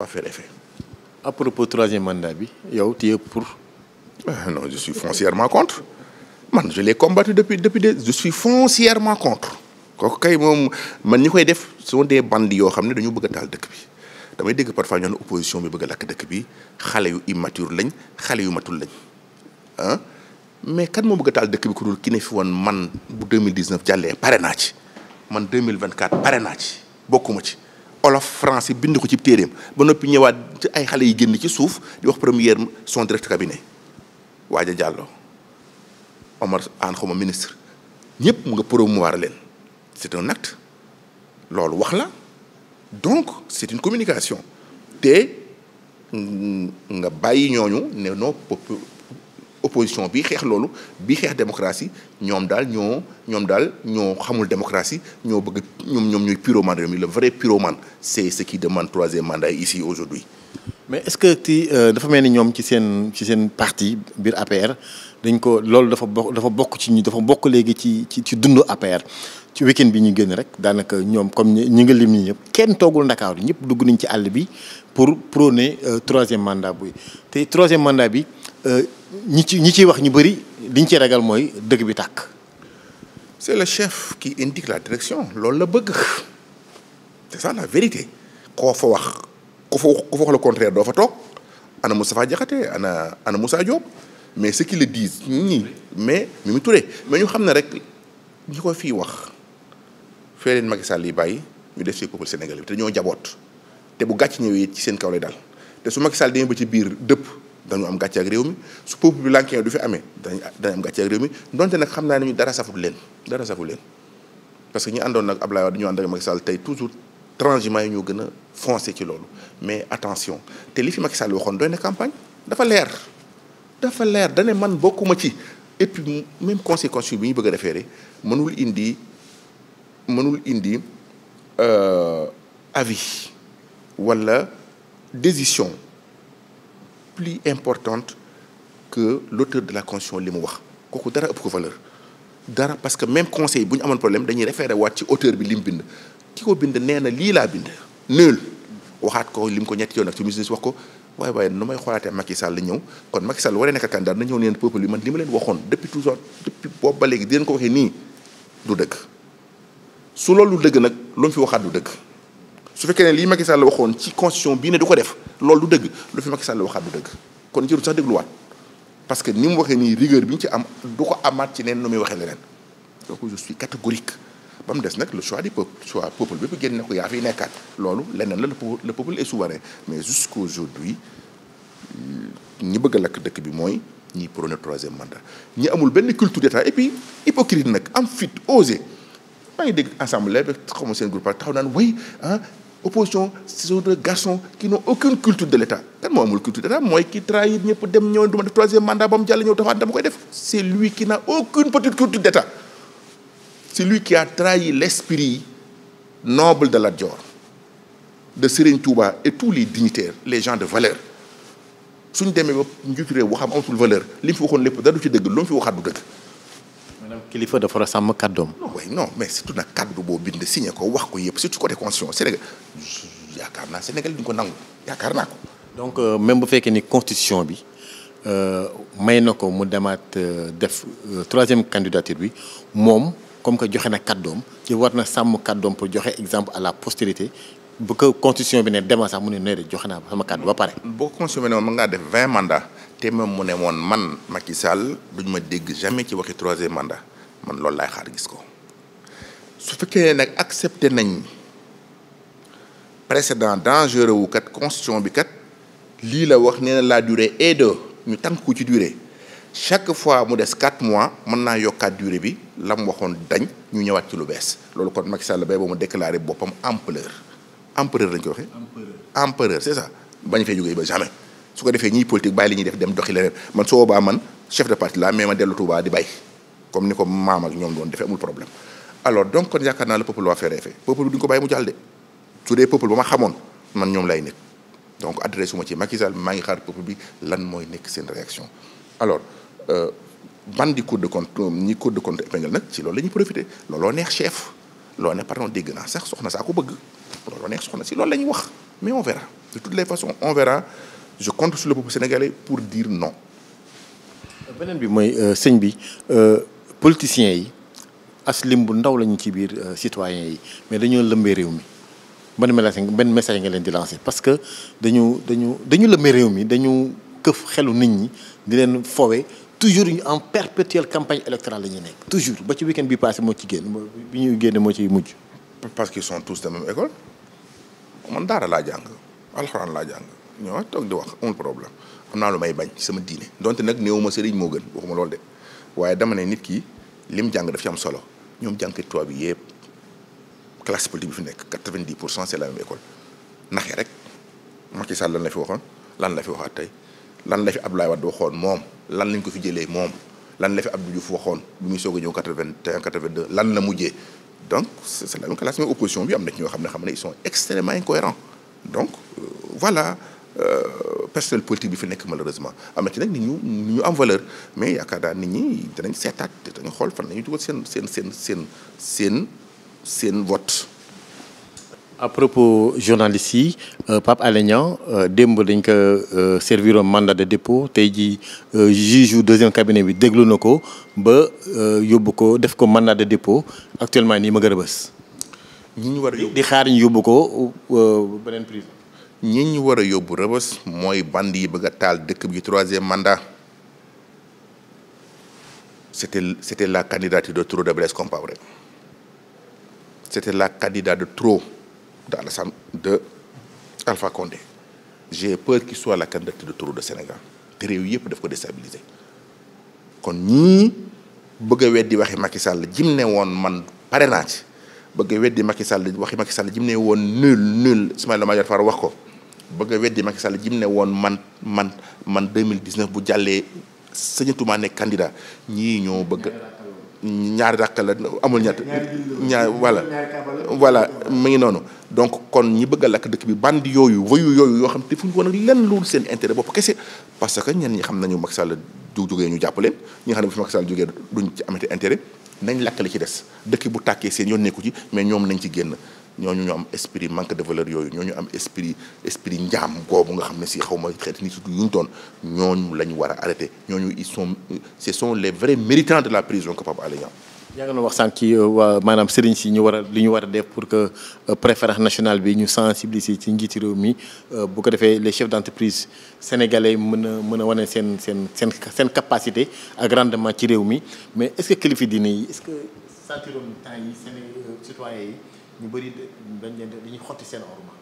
va faire effet. à propos troisième mandat bi yow tu pour. Ah non je suis foncièrement contre man je l'ai depuis depuis des je suis foncièrement contre kooku moom man ñu koy def sont dee bandes yoo xam ne dañu bëgg a taal dëkk bi damay dégg parfois ñoo ne opposition bi bëgg a lakk dëkk bi xale yu immature lañ xale yu matul lañ ah mais kan moo bëgg taal dëkk bi ku dul ki ne fi woon man bu 2019 jàllee pare naa ci man 2024 pare naa ci bokkuma ci. olof français bind ko ci téeréem ba noppi ñëwaat ci ay xale yi génn ci suuf di wax première son direct cabinet waaja Diallo Omar Anne xawma ministre ñëpp mu nga promouvoir leen c'est un acte loolu wax la donc c'est une communication te nga bàyyi ñooñu ne non opposition bi xeex loolu bi xeex démocratie ñoom daal ñoo ñoom daal ñoo xamul démocratie ñoo bëgg ñoom ñoom ñooy pyromane réew mi le vrai pyromane c'est ce qui demande troisième mandat ici aujourd'hui mais est-ce que ci euh, dafa mel ni ñoom ci seen ci seen parti biir APR dañ ko loolu dafa bokk dafa bokk ci ñu dafa bokk léegi ci ci ci dundu APR ci week bi ñu génn rek daanaka ñoom comme ñi nga lim ñi ñëpp kenn toogul Ndakaaru ñëpp dugg nañ ci àll bi pour prone euh, troisième mandat buy te troisième bi. Euh, ñi ci ñi ciy wax ñu bëri liñ ci ragal mooy dëgg bi tàkk. c'est le chef qui indique la direction loolu la bëgg c'est ça la vérité koo fa wax ku fa ku fa wax le contraire doo fa toog ana Moustapha Diakhaté ana ana Moussa Diop mais ce qu'ils le disent ñii mais Mimi Touré mais ñu xam ne rek ñi ko fii wax fee leen Macky Sall yi bàyyi ñu def ci peuple sénégalais bi te ñoo jaboot te bu gàcc ñëwee ci seen kaw lay dal te su Macky Sall demee ci biir dëpp dañu am gàcce ak réew mi su peuple bi lànkee du fi amee dañ dañu am gàcce ak réew mi donte nag xam naa ne ñu dara saful leen dara saful leen parce que ñu àndoon nag Ablaye Wade ñu ànd ak Macky tey toujours transhumants yi ñoo gën a foncé ci loolu mais attention te li fi Macky Sall waxoon doy na campagne dafa leer dafa leer dane man bokkuma ci et puis même conséquence bi ñu bëgg a référé mënul indi mënul indi euh, avis wala décision plus importante que l'auteur de la constitution li mu wax kooku dara ëpp ko valeur dara parce que même conseil bu ñu amoon problème dañuy référé waat ci auteur bi li mu bind ki ko bind nee na lii laa bind nul waxaat ko li lim ko ñetti yoon ak ci ministre wax ko waaye waaye nu may xoolaatee Macky Sall la ñëw kon Macky Sall waree nekk candidat na ñëw neen peuple bi man li ma leen waxoon depuis toujours depuis boobu ba léegi di leen ko waxee nii du dëgg su loolu dëgg nag loolu mu fi waxaat du dëgg su fekkee ne lii Macky Sall waxoon ci constitution bii ne du ko def loolu du dëgg lu fi Macky Sall waxaat du dëgg kon jërul sax dégluwaat parce que ni mu waxee nii rigueur bi ñu ci am du ko amaat ci neen nu muy waxee leneen donc je suis catégorique des nag le choix du peuple choix peuple bépp génn ne ko yaa fiy nekkaat loolu leneen la le peuple est souverain mais jusqu'aujourd'hui ñi bëgg a lakk dëkk bi mooy ñiy prôné troisième mandat ñi amul benn culture d'état et nag am fit osé maa ngi dégg ensemble xaw ma seen groupe taxaw naan way ah opposition ce sont des garçons qui n'ont aucune culture de l'État kan moo amul culture de l'État mooy ki trahir ñëpp dem ñëw du ma def troisième mandat ba mu jàll ñëw taxawaat dama koy def c'est lui qui n'a aucune petite culture d'État c'est lui a trahi l'esprit noble de la Dior de Serigne Touba et tous les dignitaires les gens de valeur suñ demee ba njiitu réew waxam amatul valeur li mu fi waxoon lépp dara du ci dëgg lu mu fi waxaat du dëgg maanaam kilifa dafa war sàmm kàddoom. non oui non mais surtout nag kàddu boo bind signé ko wax ko yëpp surtout côté constitution Sénégal yaakaar naa Sénégal duñ ko nangu yaakaar naa ko. donc euh, même bu fekkee ni constitution bi euh, may na ko mu demaat euh, def troisième candidature bi moom comme que joxe na kàddoom ci war na sàmm kàddoom pour joxe exemple à la postérité bu ko constitution bi ne demal sax mu ne nee de joxe naa sama kàddu ba pare. boo constitution bi ne ma mën ngaa def vingt te moom mu ne woon man Macky Sall duñ ma dégg jamais ci waxi troisième mandat man loolu laay xaar gis ko su fekkee ne nag accepté nañ précédent dangereux wu kat constitution bi kat lii la wax nee na la durée est ñu tànk ko ci durée chaque fois mu des quatre mois mën naa yokkaat durée bi la mu waxoon dañ ñu ñëwaat ci lu bees loolu kon Macky Sall ba boo mu déclaré boppam empereur empereur lañ ko waxee. empereur empereur c'est ça bañ fee jógee ba jamais. su ko defee ñi politique bàyyi li ñuy def dem doxi leneen man su boobaa man chef de parti la mais ma dellu Touba di bay comme ni ko maam ak ñoom doon defee amul problème alors donc kon yaakaar naa le peuple va faire effet peuple bi du ñu ko bàyyi mu jàll de su dee peuple ba ma xamoon man ñoom lay nekk donc adresse wu ma ci Macky maa ngi xaar peuple bi lan mooy nekk seen réaction alors euh, ban di cour de compte euh, ñi cour de compte épingle nag ci loolu la ñuy profité looloo neex chef looloo neex pardon dégg naa saa ko bëgg looloo neex soxna si loolu la ñuy wax mais on verra de toutes les je compte sur le peuple sénégalais pour dire non. beneen bi mooy euh, sëñ bi euh, politiciens yi as lim bu ndaw lañu ci biir euh, citoyens yi mais dañoo lëmbee réew mi ban message benn message nga leen di lancer parce que dañu dañu dañu lëmbee réew mi dañu këf xelu nit ñi di leen fowe toujours ñu en perpétuelle campagne électorale la ñuy nekk. toujours ba ci week-end bi passé moo ci génn bi ñu génn moo ci mujj. parce qu'ils son tous de même école man daara laa jàng alxuraan laa ñoo toog di wax amul problème am naa lu may bañ sama diine donte nag néew ma sëriñ moo gën waxuma loolu de waaye dama ne nit ki lim jàng daf ci am solo ñoom jànkuwut tubaab bi yëpp classe politique bi fi nekk quatre-vingt-dix pour cent c'est la même école naxe rek Macky Sall lan la fi waxoon lan la fi waxaat tey lan la fi Abdoulaye Wade waxoon moom lan lañ ko fi jëlee moom lan la fi Abdou Diouf waxoon bu muy soog a ñëw quatre-vingt-un deux lan la mujjee donc c'est la même classe mais opposition bi am na ci ñoo xam ne xam ne ils donc euh, voilà. Euh, personnel politique bi fi nekk malheureusement am na ci nag nit ñu ñu am valeur mais yaakaar daan nit ñi danañ seetaat danañ xool fan la ñuy dugal seen seen seen seen seen seen vote. à propos journalistes yi euh, Pape Alé euh, démb dañ ko servir mandat de dépôt tey jii juge deuxième cabinet bi déglu na ko ba yóbbu ko def ko mandat de dépôt actuellement nii ma gërëbës. ñu ñu war a yóbbu di xaar ñu yóbbu ko beneen prison. ñi ñu war a yóbbu rëbës mooy band yi bëgg a taal dëkk bi troisième mandat c'était c'était la candidature de trop de Blaise Compaoré c'était la candidature de trop de Alassane de Alpha Condé j'ai peur qu'il soit la candidature de trop de Sénégal te réew yëpp daf ko déstabiliser kon ñii bëgg a weddi waxi Macky Sall jim ne woon man pare naa ci bëgg a weddi Macky Sall waxi Macky Sall jim ne woon nul nul Ismaïla Madior Fall wax ko bëgg a weddi Macky Sall jim ne woon man man man 2019 bu jàllee sañatuma nekk candidat ñii ñoo bëgg ñaari rakk la amul ñett ñaar voilà voilà mu ngi noonu donc kon ñi bëgg a lakk dëkk bi bandi yooyu wëyu yooyu yoo xam te fu ñu woon ak lenn loolu seen intérêt bopp kese parce que ñenn ñi xam nañu Macky Sall du jógee ñu jàpp leen ñi xam ne bu fi Macky Sall jógee duñ ci amati intérêt nañ lakk li ci des dëkk bu tàkkee seen yoon nekku ci mais ñoom nañ ci génn ñooñu ñu am esprit manque de valeur yooyu ñoo ñu am esprit esprit njaam goobu nga xam ne si xaw ma xeet ni surtout yu ñu doon ñooñu la ñu war a arrêté ñooñu ils sont ce sont les vrais méritants de la prison que Pape Alé Niang yaa ngi doon wax sànq ci euh, waa maanaam sëriñ si ñu war a li ñu war def pour que euh, préférence nationale bi ñu sensibiliser ci njiiti réew mi euh, bu ko defee les chefs d'entreprise sénégalais mën a mën a wane seen seen seen seen capacité ak rendement ci réew mi mais est kilifa diine yi ñu bëri dañ leen dañuy xotti seen orma.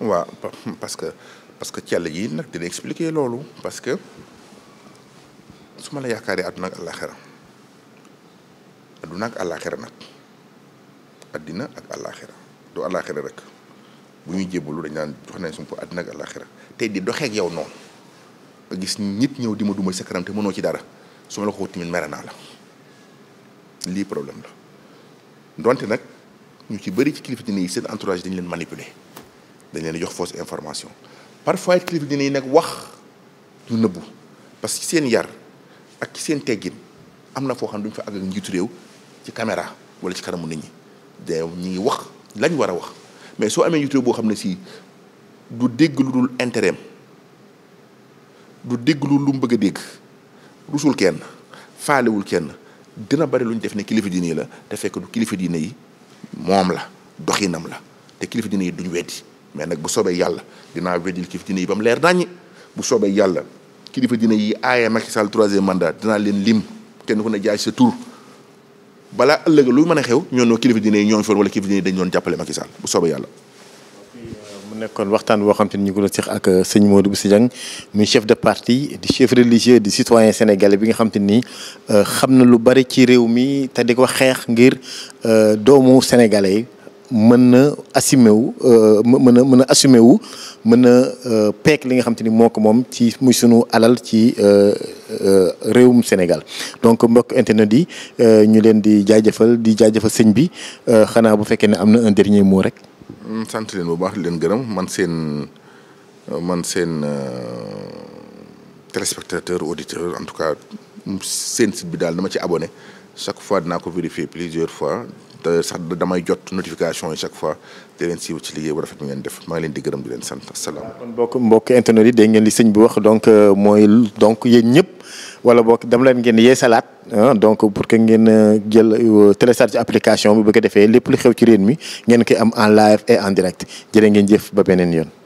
waaw parce que parce que cell yi nag dina expliquer loolu parce que su ma la yaakaaree àdduna ak àllaaxira àdduna ak àllaaxira nag àddina ak àllaaxira du àllaaxira rek bu ñuy jébbalu dañ naan jox nañ suñu àddina ak àllaaxira tey di doxeek yow noonu nga gis nit ñëw di ma duma sa te mënoo ci dara su ma la ko timit mere naa la lii problème la donte nag. ñu ci bari ci kilifa diine yi seen entourage dañ leen manipuler dañ leen jox fausse information parfois kilifa diine yi nag wax du nëbbu parce que seen yar ak ci seen teggin am na foo xam ne duñ fa àgg ak njiitu réew ci caméra wala ci kanamu nit ñi day ñu ngi wax lañ war a wax mais soo amee njiitu boo xam ne si du dégg lu dul intérêt du dégg lu lu mu bëgg a dégg rusul kenn faalewul kenn dina bari lu ñu def ne kilifa diine la te fekk du kilifa diine yi. moom la doxinam la te kilifa diine yi duñ weddi mais nag bu soobee yàlla dinaa weddil kilifa diine yi ba mu leer naññi bu soobee yàlla kilifa dina yi aaye Macky Sall troisième mandat dinaa leen lim kenn ku ne jaay sa tur balaa ëllëg luy mën a xew ñoo noo kilifa diine yi ñooñ foon wala kilifa diine yi dañ doon jàppale Macky Sall bu soobee yàlla mu nekkoon waxtaan boo xam te ni ñu ko doon seq ak euh, sëñ Modou Bousso Dieng muy chef de parti di chef religieux di citoyen sénégalais bi nga xam te ni euh, xam na lu bari ci réew mi te di ko xeex ngir euh, doomu sénégalais mën na assumé wu mën a mën a assumé wu mën a peek li nga xam te ni moo ko moom ci muy sunu alal ci réewum Sénégal donc mbokk internet yi ñu leen di jaajëfal di jaajëfal sëñ bi xanaa bu fekkee ne am na un dernier moo rek. Mm, sant leen bu baax di leen gërëm man seen man seen euh, téléspectateur auditeur en tout cas seen site bi daal dama ci abonné chaque fois dinaa ko vérifier plusieurs fois te sax damay jot notification yi chaque fois te leen siiw ci liggéey bu rafet mi ngeen def maa leen di gërëm di leen sant asalaam. kon mbokk mbokk internet yi dégg ngeen li sëñ bu wax donc euh, mooy donc yéen ñëpp. wala boog dama leen ngeen yeesalaat ah, donc pour que ngeen euh, jël euh, télécharge application bi bu ko defee lépp lu xew ci réew mi ngeen koy am en live et en direct jërë ngeen jëf ba beneen yoon.